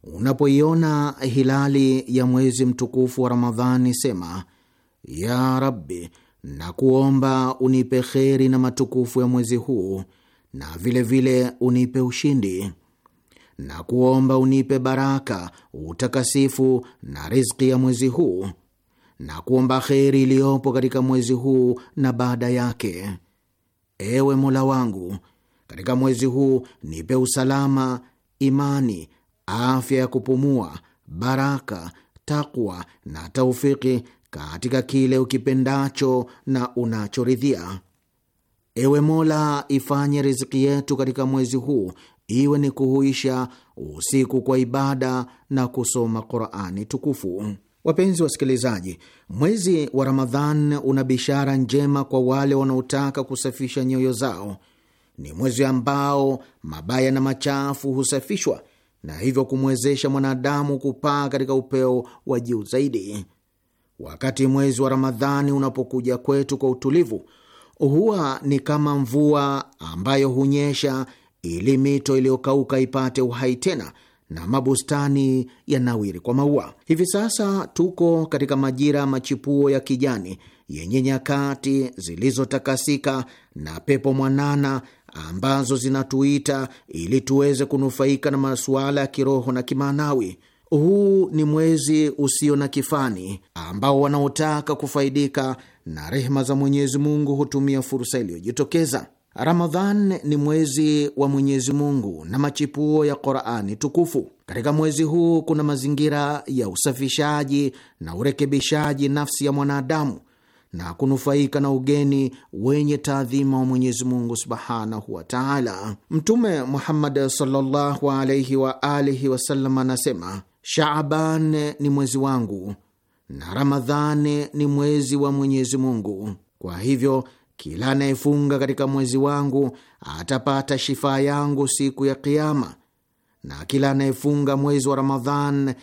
Unapoiona hilali ya mwezi mtukufu wa Ramadhani, sema ya Rabbi, na kuomba unipe kheri na matukufu ya mwezi huu, na vilevile vile unipe ushindi, na kuomba unipe baraka, utakasifu na riziki ya mwezi huu, na kuomba kheri iliyopo katika mwezi huu na baada yake. Ewe Mola wangu, katika mwezi huu nipe usalama, imani afya ya kupumua, baraka, takwa na taufiki katika kile ukipendacho na unachoridhia. Ewe Mola, ifanye riziki yetu katika mwezi huu iwe ni kuhuisha usiku kwa ibada na kusoma Qurani tukufu. Wapenzi wasikilizaji, mwezi wa Ramadhan una bishara njema kwa wale wanaotaka kusafisha nyoyo zao. Ni mwezi ambao mabaya na machafu husafishwa na hivyo kumwezesha mwanadamu kupaa katika upeo wa juu zaidi. Wakati mwezi wa Ramadhani unapokuja kwetu kwa utulivu, huwa ni kama mvua ambayo hunyesha ili mito iliyokauka ipate uhai tena na mabustani yanawiri kwa maua. Hivi sasa tuko katika majira ya machipuo ya kijani yenye nyakati zilizotakasika na pepo mwanana ambazo zinatuita ili tuweze kunufaika na masuala ya kiroho na kimaanawi. Huu ni mwezi usio na kifani ambao wanaotaka kufaidika na rehema za Mwenyezi Mungu hutumia fursa iliyojitokeza. Ramadhan ni mwezi wa Mwenyezi Mungu na machipuo ya Qurani tukufu. Katika mwezi huu kuna mazingira ya usafishaji na urekebishaji nafsi ya mwanadamu na kunufaika na ugeni wenye taadhima wa Mwenyezi Mungu subhanahu wa taala. Mtume Muhammad sallallahu alaihi wa alihi wasallam anasema, Shaaban ni mwezi wangu na Ramadhani ni mwezi wa Mwenyezi Mungu. Kwa hivyo kila anayefunga katika mwezi wangu atapata shifaa yangu siku ya Kiama, na kila anayefunga mwezi wa Ramadhan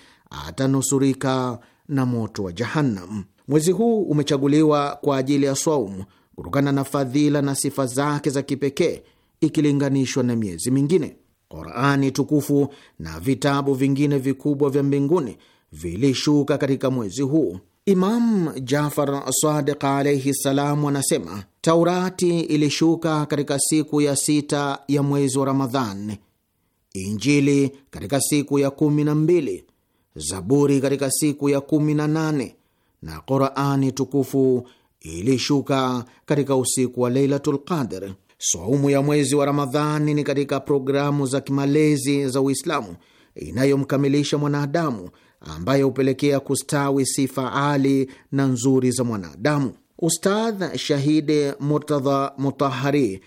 atanusurika na moto wa Jahannam. Mwezi huu umechaguliwa kwa ajili ya swaumu kutokana na fadhila na sifa zake za kipekee ikilinganishwa na miezi mingine. Qurani tukufu na vitabu vingine vikubwa vya mbinguni vilishuka katika mwezi huu. Imam Jafar Sadiq alaihi ssalam anasema Taurati ilishuka katika siku ya sita ya mwezi wa Ramadhan, Injili katika siku ya kumi na mbili, Zaburi katika siku ya kumi na nane na Qurani tukufu ilishuka katika usiku wa Leilatul Qadr. Saumu ya mwezi wa Ramadhani ni katika programu za kimalezi za Uislamu inayomkamilisha mwanadamu ambaye hupelekea kustawi sifa ali na nzuri za mwanadamu. Ustadh Shahidi Murtadha Mutahari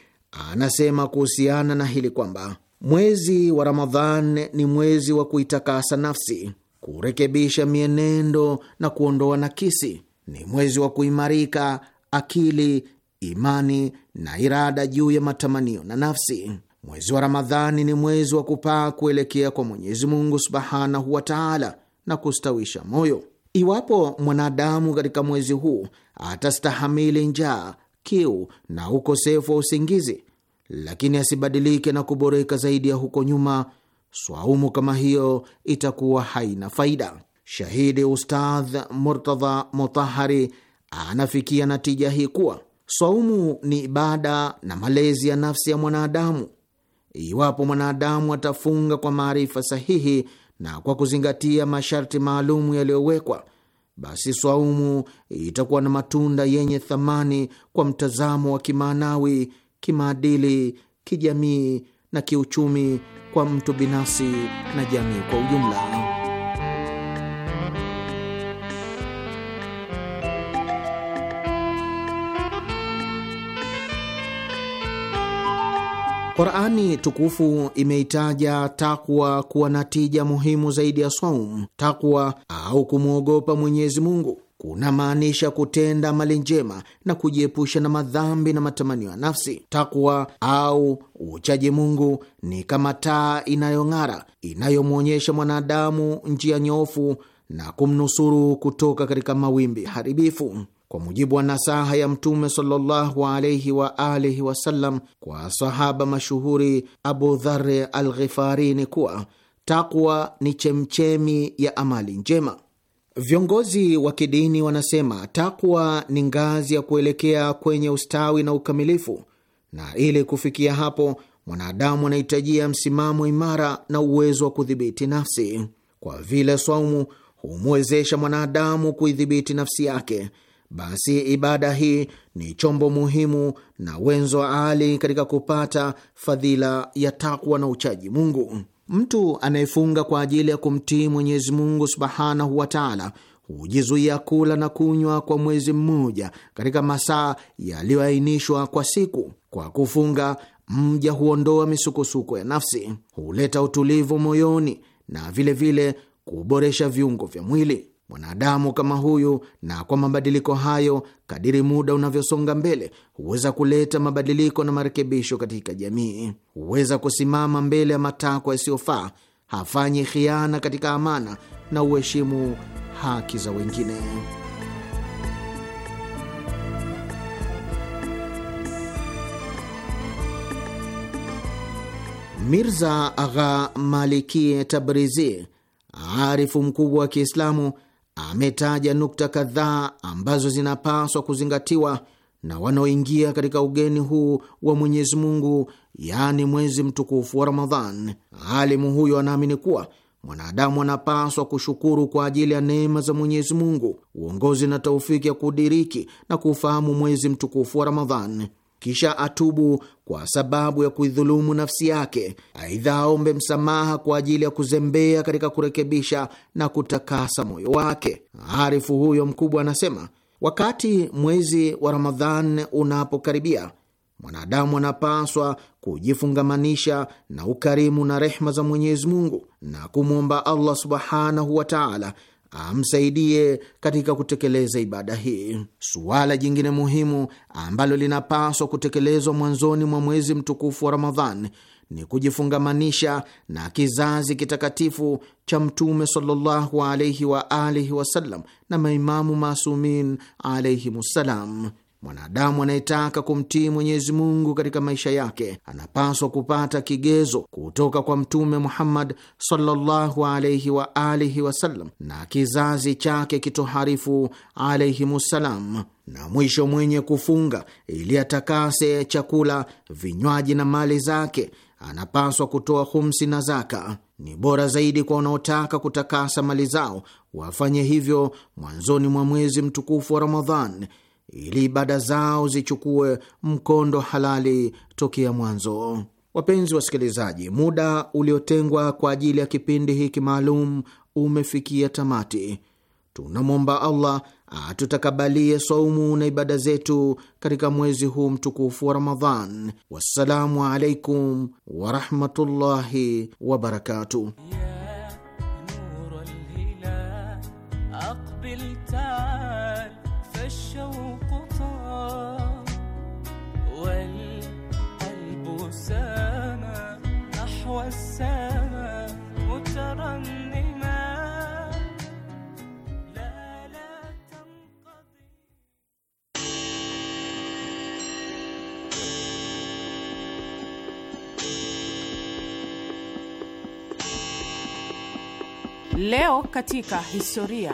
anasema kuhusiana na hili kwamba mwezi wa Ramadhan ni mwezi wa kuitakasa nafsi kurekebisha mienendo na kuondoa nakisi. Ni mwezi wa kuimarika akili, imani na irada juu ya matamanio na nafsi. Mwezi wa Ramadhani ni mwezi wa kupaa kuelekea kwa Mwenyezi Mungu subhanahu wa taala na kustawisha moyo. Iwapo mwanadamu katika mwezi huu atastahamili njaa, kiu na ukosefu wa usingizi, lakini asibadilike na kuboreka zaidi ya huko nyuma swaumu kama hiyo itakuwa haina faida. Shahidi Ustadh Murtadha Mutahari anafikia natija hii kuwa swaumu ni ibada na malezi ya nafsi ya mwanadamu. Iwapo mwanadamu atafunga kwa maarifa sahihi na kwa kuzingatia masharti maalumu yaliyowekwa, basi swaumu itakuwa na matunda yenye thamani kwa mtazamo wa kimaanawi, kimaadili, kijamii na kiuchumi kwa mtu binafsi na jamii kwa ujumla. Qurani tukufu imeitaja takwa kuwa na tija muhimu zaidi ya saum. Takwa au kumwogopa Mwenyezi Mungu kunamaanisha kutenda mali njema na kujiepusha na madhambi na matamanio ya nafsi. Takwa au uchaji Mungu ni kama taa inayong'ara inayomwonyesha mwanadamu njia nyofu na kumnusuru kutoka katika mawimbi haribifu. Kwa mujibu wa nasaha ya Mtume sallallahu alaihi wa alihi wasallam kwa sahaba mashuhuri Abu Dhar al kuwa takwa ni chemchemi ya amali njema. Viongozi wa kidini wanasema takwa ni ngazi ya kuelekea kwenye ustawi na ukamilifu, na ili kufikia hapo mwanadamu anahitajia msimamo imara na uwezo wa kudhibiti nafsi. Kwa vile swaumu humwezesha mwanadamu kuidhibiti nafsi yake, basi ibada hii ni chombo muhimu na wenzo wa ali katika kupata fadhila ya takwa na uchaji Mungu. Mtu anayefunga kwa ajili ya kumtii Mwenyezi Mungu subhanahu wa taala hujizuia kula na kunywa kwa mwezi mmoja katika masaa yaliyoainishwa kwa siku. Kwa kufunga, mja huondoa misukosuko ya nafsi, huleta utulivu moyoni na vilevile vile kuboresha viungo vya mwili. Mwanadamu kama huyu na kwa mabadiliko hayo, kadiri muda unavyosonga mbele, huweza kuleta mabadiliko na marekebisho katika jamii. Huweza kusimama mbele ya matakwa yasiyofaa, hafanyi khiana katika amana na uheshimu haki za wengine. Mirza Agha Maliki Tabrizi, arifu mkubwa wa Kiislamu, ametaja nukta kadhaa ambazo zinapaswa kuzingatiwa na wanaoingia katika ugeni huu wa Mwenyezi Mungu, yaani mwezi mtukufu wa Ramadhan. Alimu huyo anaamini kuwa mwanadamu anapaswa kushukuru kwa ajili ya neema za Mwenyezi Mungu, uongozi na taufiki ya kudiriki na kuufahamu mwezi mtukufu wa Ramadhan kisha atubu kwa sababu ya kuidhulumu nafsi yake. Aidha, aombe msamaha kwa ajili ya kuzembea katika kurekebisha na kutakasa moyo wake. Arifu huyo mkubwa anasema, wakati mwezi wa Ramadhan unapokaribia mwanadamu anapaswa kujifungamanisha na ukarimu na rehma za Mwenyezi Mungu na kumwomba Allah subhanahu wa taala amsaidie katika kutekeleza ibada hii. Suala jingine muhimu ambalo linapaswa kutekelezwa mwanzoni mwa mwezi mtukufu wa Ramadhan ni kujifungamanisha na kizazi kitakatifu cha Mtume sallallahu alaihi wa alihi wasallam na maimamu masumin alaihimussalam. Mwanadamu anayetaka kumtii Mwenyezi Mungu katika maisha yake anapaswa kupata kigezo kutoka kwa Mtume Muhammad sallallahu alaihi wa alihi wasallam na kizazi chake kitoharifu alaihimussalam. Na mwisho, mwenye kufunga ili atakase chakula, vinywaji na mali zake anapaswa kutoa humsi na zaka. Ni bora zaidi kwa wanaotaka kutakasa mali zao wafanye hivyo mwanzoni mwa mwezi mtukufu wa Ramadhan ili ibada zao zichukue mkondo halali tokea mwanzo. Wapenzi wasikilizaji, muda uliotengwa kwa ajili ya kipindi hiki maalum umefikia tamati. Tunamwomba Allah atutakabalie saumu na ibada zetu katika mwezi huu mtukufu wa Ramadhan. Wassalamu alaikum warahmatullahi wabarakatuh. الشوق طار والقلب سامى نحو السماء مترنما لا لا تنقضي Leo katika historia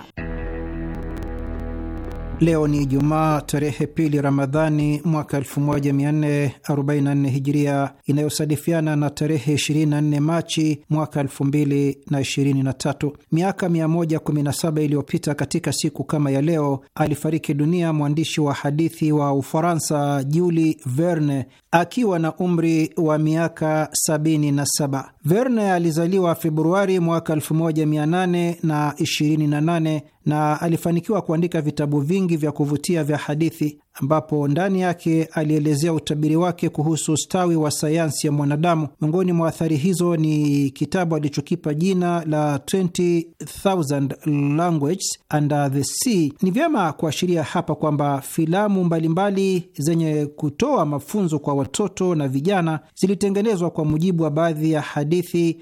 Leo ni Ijumaa tarehe pili Ramadhani mwaka 1444 Hijiria, inayosadifiana na tarehe 24 Machi mwaka 2023. Miaka 117 iliyopita katika siku kama ya leo alifariki dunia mwandishi wa hadithi wa Ufaransa juli Verne akiwa na umri wa miaka 77. Verne alizaliwa Februari mwaka 1828 na alifanikiwa kuandika vitabu vingi vya kuvutia vya hadithi ambapo ndani yake alielezea utabiri wake kuhusu ustawi wa sayansi ya mwanadamu. Miongoni mwa athari hizo ni kitabu alichokipa jina la 20,000 Languages Under the Sea. Ni vyema kuashiria hapa kwamba filamu mbalimbali zenye kutoa mafunzo kwa watoto na vijana zilitengenezwa kwa mujibu wa baadhi ya hadithi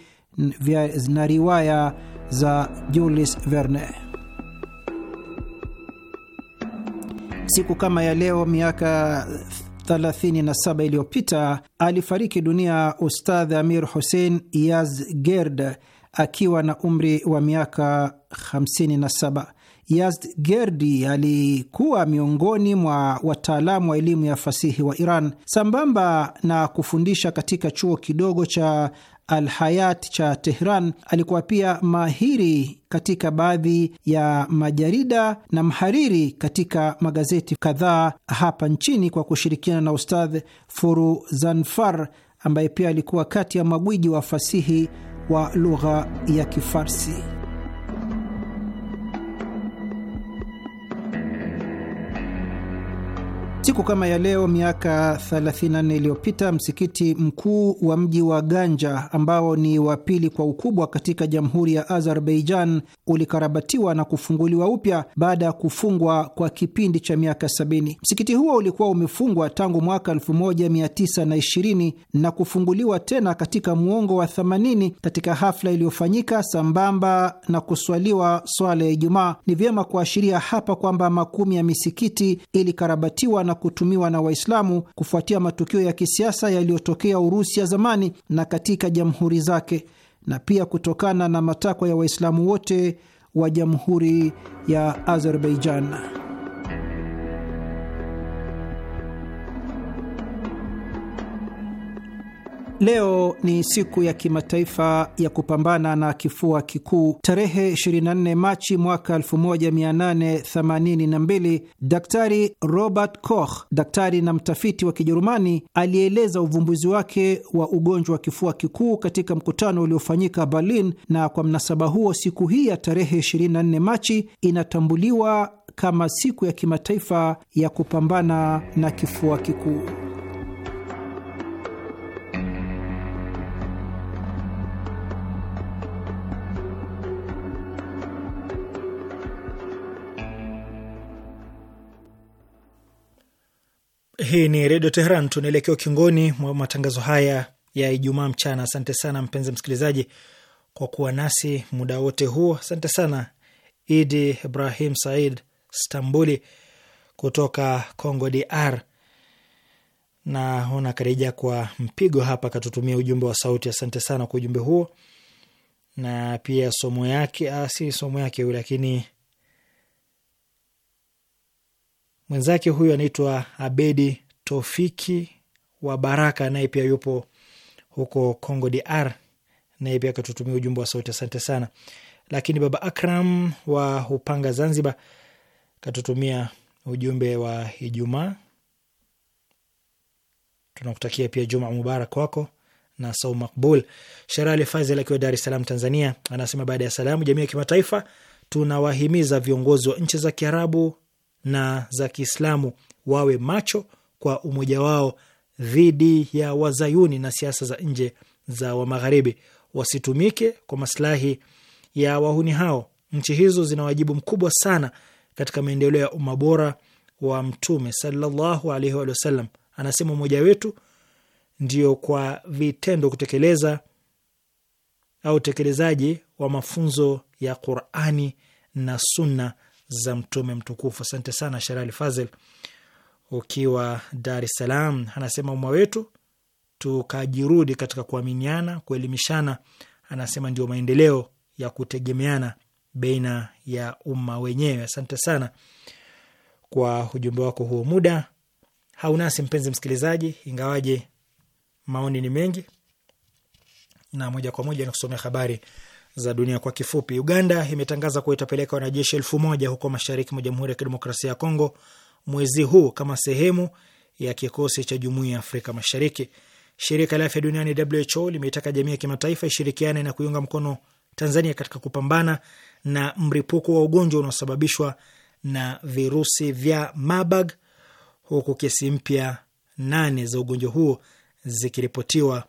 na riwaya za Jules Verne. Siku kama ya leo miaka 37 iliyopita alifariki dunia Ustadh Amir Hussein gerd akiwa na umri wa miaka 57. yazd gerdi alikuwa miongoni mwa wataalamu wa elimu ya fasihi wa Iran. Sambamba na kufundisha katika chuo kidogo cha Al Hayat cha Tehran. Alikuwa pia mahiri katika baadhi ya majarida na mhariri katika magazeti kadhaa hapa nchini kwa kushirikiana na Ustadh Furuzanfar ambaye pia alikuwa kati ya magwiji wa fasihi wa lugha ya Kifarsi. Siku kama ya leo miaka 34 iliyopita msikiti mkuu wa mji wa Ganja ambao ni wa pili kwa ukubwa katika jamhuri ya Azerbaijan ulikarabatiwa na kufunguliwa upya baada ya kufungwa kwa kipindi cha miaka 70. Msikiti huo ulikuwa umefungwa tangu mwaka 1920 na kufunguliwa tena katika muongo wa 80 katika hafla iliyofanyika sambamba na kuswaliwa swala ya Ijumaa. Ni vyema kuashiria hapa kwamba makumi ya misikiti ilikarabatiwa na kutumiwa na Waislamu kufuatia matukio ya kisiasa yaliyotokea Urusi ya zamani na katika jamhuri zake na pia kutokana na matakwa ya Waislamu wote wa jamhuri ya Azerbaijan. Leo ni siku ya kimataifa ya kupambana na kifua kikuu. Tarehe 24 Machi mwaka 1882, Daktari Robert Koch, daktari na mtafiti wa Kijerumani, alieleza uvumbuzi wake wa ugonjwa wa kifua kikuu katika mkutano uliofanyika Berlin, na kwa mnasaba huo siku hii ya tarehe 24 Machi inatambuliwa kama siku ya kimataifa ya kupambana na kifua kikuu. Hii ni Redio Teheran. Tunaelekea ukingoni mwa matangazo haya ya Ijumaa mchana. Asante sana mpenzi msikilizaji kwa kuwa nasi muda wote huo. Asante sana Idi Ibrahim Said Stambuli kutoka Congo DR, na ona karejea kwa mpigo hapa, katutumia ujumbe wa sauti. Asante sana kwa ujumbe huo na pia somo yake, ah, si somo yake, lakini Mwenzake huyu anaitwa Abedi Tofiki wa Baraka, naye pia yupo huko Congo DR, naye pia akatutumia ujumbe wa sauti. Asante sana. Lakini baba Akram wa Upanga, Zanzibar, katutumia ujumbe wa Ijumaa. Tunakutakia pia Juma mubarak wako na sau makbul. Sherali Fazil akiwa Dar es Salaam, Tanzania, anasema baada ya salamu, jamii ya kimataifa, tunawahimiza viongozi wa nchi za Kiarabu na za Kiislamu wawe macho kwa umoja wao dhidi ya wazayuni na siasa za nje za Wamagharibi, wasitumike kwa maslahi ya wahuni hao. Nchi hizo zina wajibu mkubwa sana katika maendeleo ya umma bora wa Mtume sallallahu alaihi Anasema umoja wetu ndio kwa vitendo kutekeleza au utekelezaji wa mafunzo ya Qurani na Sunna za mtume mtukufu. Asante sana Sherali Fazel ukiwa Dar es Salaam. Anasema umma wetu tukajirudi katika kuaminiana, kuelimishana, anasema ndio maendeleo ya kutegemeana baina ya umma wenyewe. Asante sana kwa ujumbe wako huo. Muda haunasi mpenzi msikilizaji, ingawaje maoni ni mengi, na moja kwa moja nikusomea habari za dunia kwa kifupi. Uganda imetangaza kuwa itapeleka wanajeshi elfu moja huko mashariki mwa Jamhuri ya Kidemokrasia ya Kongo mwezi huu kama sehemu ya kikosi cha Jumuiya ya Afrika Mashariki. Shirika la Afya Duniani WHO limeitaka jamii ya kimataifa ishirikiane na kuiunga mkono Tanzania katika kupambana na mripuko wa ugonjwa unaosababishwa na virusi vya Marburg, huku kesi mpya nane za ugonjwa huo zikiripotiwa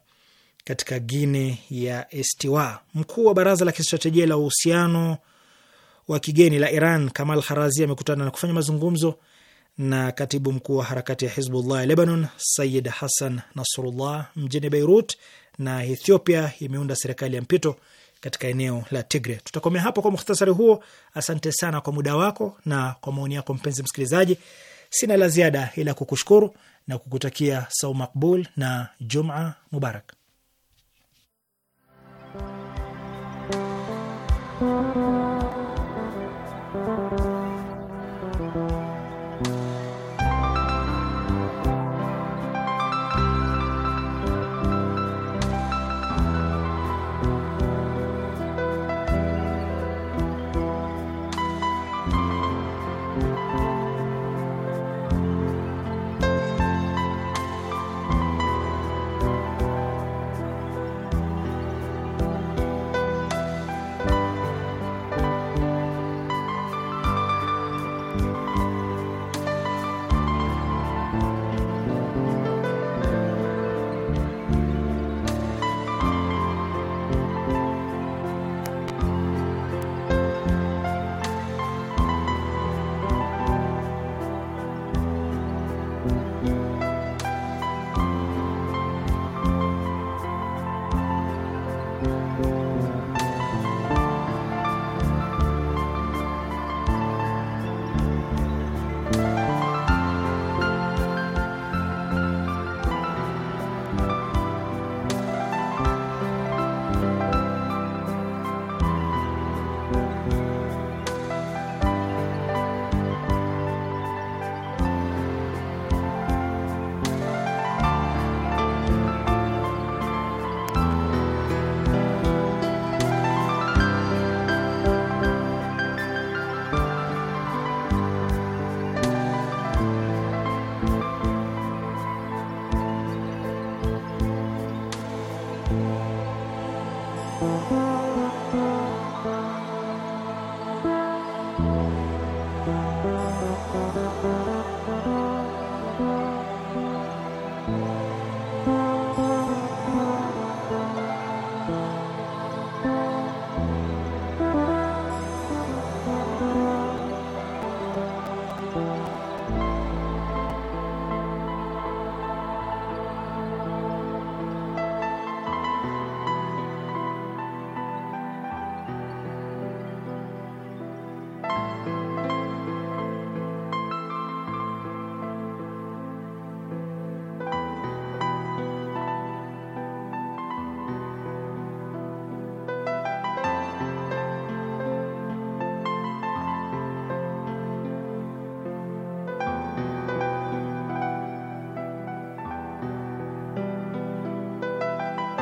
katika Gine ya Istiwa. Mkuu wa baraza la kistratejia la uhusiano wa kigeni la Iran Kamal Kharazi amekutana na kufanya mazungumzo na katibu mkuu wa harakati ya Hizbullah ya Lebanon Sayid Hassan Nasrullah mjini Beirut, na Ethiopia imeunda serikali ya mpito katika eneo la Tigre. Tutakomea hapo kwa mukhtasari huo. Asante sana kwa muda wako na kwa maoni yako, mpenzi msikilizaji. Sina la ziada ila kukushukuru na kukutakia sau makbul na juma mubarak. Thank you.